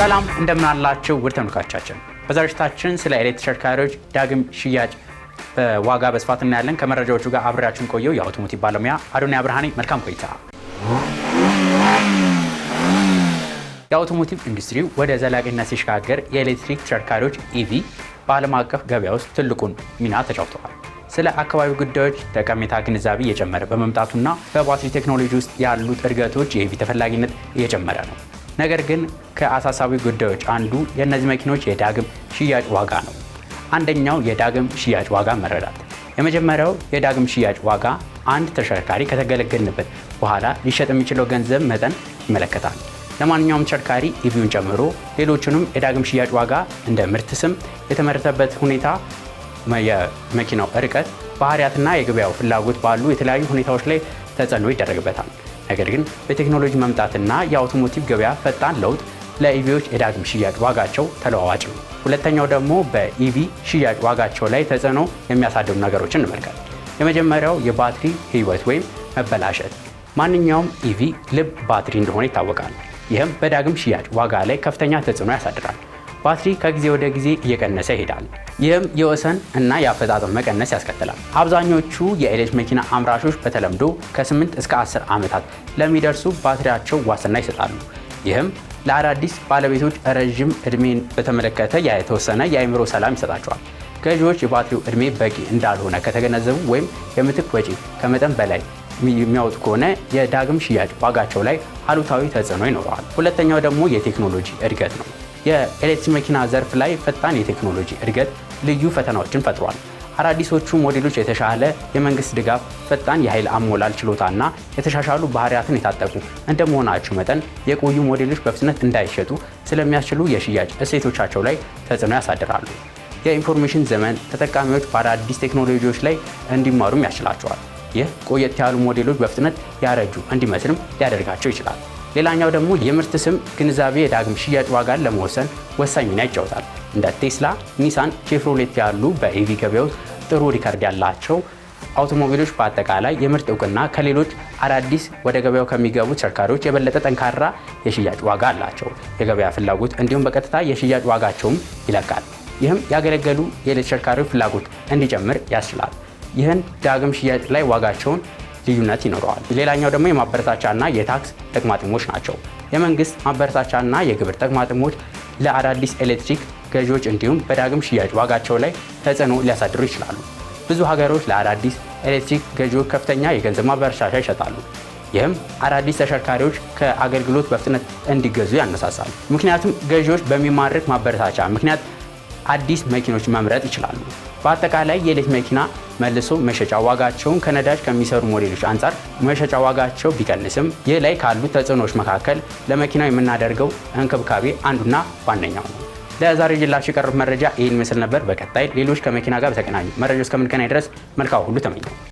ሰላም እንደምናላችሁ ውድ ተመልካቾቻችን፣ በዛሬሽታችን ስለ ኤሌክትሪክ ተሽከርካሪዎች ዳግም ሽያጭ በዋጋ በስፋት እናያለን። ከመረጃዎቹ ጋር አብሬያችን ቆየው የአውቶሞቲቭ ባለሙያ አዶኒ ብርሃኔ። መልካም ቆይታ። የአውቶሞቲቭ ኢንዱስትሪ ወደ ዘላቂነት ሲሸጋገር የኤሌክትሪክ ተሽከርካሪዎች ኢቪ በዓለም አቀፍ ገበያ ውስጥ ትልቁን ሚና ተጫውተዋል። ስለ አካባቢ ጉዳዮች ጠቀሜታ ግንዛቤ እየጨመረ በመምጣቱና በባትሪ ቴክኖሎጂ ውስጥ ያሉት እድገቶች የኢቪ ተፈላጊነት እየጨመረ ነው። ነገር ግን ከአሳሳቢ ጉዳዮች አንዱ የእነዚህ መኪኖች የዳግም ሽያጭ ዋጋ ነው። አንደኛው የዳግም ሽያጭ ዋጋ መረዳት። የመጀመሪያው የዳግም ሽያጭ ዋጋ አንድ ተሽከርካሪ ከተገለገልንበት በኋላ ሊሸጥ የሚችለው ገንዘብ መጠን ይመለከታል። ለማንኛውም ተሽከርካሪ ኢቪውን ጨምሮ ሌሎቹንም የዳግም ሽያጭ ዋጋ እንደ ምርት ስም፣ የተመረተበት ሁኔታ፣ የመኪናው ርቀት፣ ባህሪያትና የገበያው ፍላጎት ባሉ የተለያዩ ሁኔታዎች ላይ ተጽዕኖ ይደረግበታል። ነገር ግን በቴክኖሎጂ መምጣትና የአውቶሞቲቭ ገበያ ፈጣን ለውጥ ለኢቪዎች የዳግም ሽያጭ ዋጋቸው ተለዋዋጭ ነው። ሁለተኛው ደግሞ በኢቪ ሽያጭ ዋጋቸው ላይ ተጽዕኖ የሚያሳድሩ ነገሮችን እንመልከት። የመጀመሪያው የባትሪ ህይወት ወይም መበላሸት። ማንኛውም ኢቪ ልብ ባትሪ እንደሆነ ይታወቃል። ይህም በዳግም ሽያጭ ዋጋ ላይ ከፍተኛ ተጽዕኖ ያሳድራል። ባትሪ ከጊዜ ወደ ጊዜ እየቀነሰ ይሄዳል። ይህም የወሰን እና የአፈጣጠም መቀነስ ያስከትላል። አብዛኞቹ የኤሌክትሪክ መኪና አምራቾች በተለምዶ ከ8 እስከ 10 ዓመታት ለሚደርሱ ባትሪያቸው ዋስትና ይሰጣሉ። ይህም ለአዳዲስ ባለቤቶች ረዥም እድሜን በተመለከተ የተወሰነ የአይምሮ ሰላም ይሰጣቸዋል። ገዢዎች የባትሪው እድሜ በቂ እንዳልሆነ ከተገነዘቡ ወይም የምትክ ወጪ ከመጠን በላይ የሚያወጡ ከሆነ የዳግም ሽያጭ ዋጋቸው ላይ አሉታዊ ተጽዕኖ ይኖረዋል። ሁለተኛው ደግሞ የቴክኖሎጂ እድገት ነው። የኤሌክትሪክ መኪና ዘርፍ ላይ ፈጣን የቴክኖሎጂ እድገት ልዩ ፈተናዎችን ፈጥሯል። አዳዲሶቹ ሞዴሎች የተሻለ የመንግስት ድጋፍ፣ ፈጣን የኃይል አሞላል ችሎታና የተሻሻሉ ባህሪያትን የታጠቁ እንደመሆናቸው መጠን የቆዩ ሞዴሎች በፍጥነት እንዳይሸጡ ስለሚያስችሉ የሽያጭ እሴቶቻቸው ላይ ተጽዕኖ ያሳድራሉ። የኢንፎርሜሽን ዘመን ተጠቃሚዎች በአዳዲስ ቴክኖሎጂዎች ላይ እንዲማሩም ያስችላቸዋል። ይህ ቆየት ያሉ ሞዴሎች በፍጥነት ያረጁ እንዲመስልም ሊያደርጋቸው ይችላል። ሌላኛው ደግሞ የምርት ስም ግንዛቤ የዳግም ሽያጭ ዋጋን ለመወሰን ወሳኝ ሚና ይጫወታል። እንደ ቴስላ፣ ኒሳን፣ ቼፍሮሌት ያሉ በኢቪ ገበያ ውስጥ ጥሩ ሪከርድ ያላቸው አውቶሞቢሎች በአጠቃላይ የምርት እውቅና ከሌሎች አዳዲስ ወደ ገበያው ከሚገቡ ተሽከርካሪዎች የበለጠ ጠንካራ የሽያጭ ዋጋ አላቸው። የገበያ ፍላጎት እንዲሁም በቀጥታ የሽያጭ ዋጋቸውም ይለካል። ይህም ያገለገሉ የተሽከርካሪዎች ፍላጎት እንዲጨምር ያስችላል። ይህን ዳግም ሽያጭ ላይ ዋጋቸውን ልዩነት ይኖረዋል። ሌላኛው ደግሞ የማበረታቻና የታክስ ጥቅማጥቅሞች ናቸው። የመንግስት ማበረታቻና የግብር ጥቅማጥቅሞች ለአዳዲስ ኤሌክትሪክ ገዢዎች እንዲሁም በዳግም ሽያጭ ዋጋቸው ላይ ተጽዕኖ ሊያሳድሩ ይችላሉ። ብዙ ሀገሮች ለአዳዲስ ኤሌክትሪክ ገዢዎች ከፍተኛ የገንዘብ ማበረሻሻ ይሸጣሉ። ይህም አዳዲስ ተሽከርካሪዎች ከአገልግሎት በፍጥነት እንዲገዙ ያነሳሳል። ምክንያቱም ገዢዎች በሚማርክ ማበረታቻ ምክንያት አዲስ መኪኖች መምረጥ ይችላሉ። በአጠቃላይ የሌት መኪና መልሶ መሸጫ ዋጋቸውን ከነዳጅ ከሚሰሩ ሞዴሎች አንጻር መሸጫ ዋጋቸው ቢቀንስም ይህ ላይ ካሉ ተጽዕኖዎች መካከል ለመኪናው የምናደርገው እንክብካቤ አንዱና ዋነኛው ነው። ለዛሬ ይዤላችሁ የቀረቡት መረጃ ይህን ምስል ነበር። በቀጣይ ሌሎች ከመኪና ጋር በተገናኙ መረጃ እስከምንገናኝ ድረስ መልካም ሁሉ ተመኘው።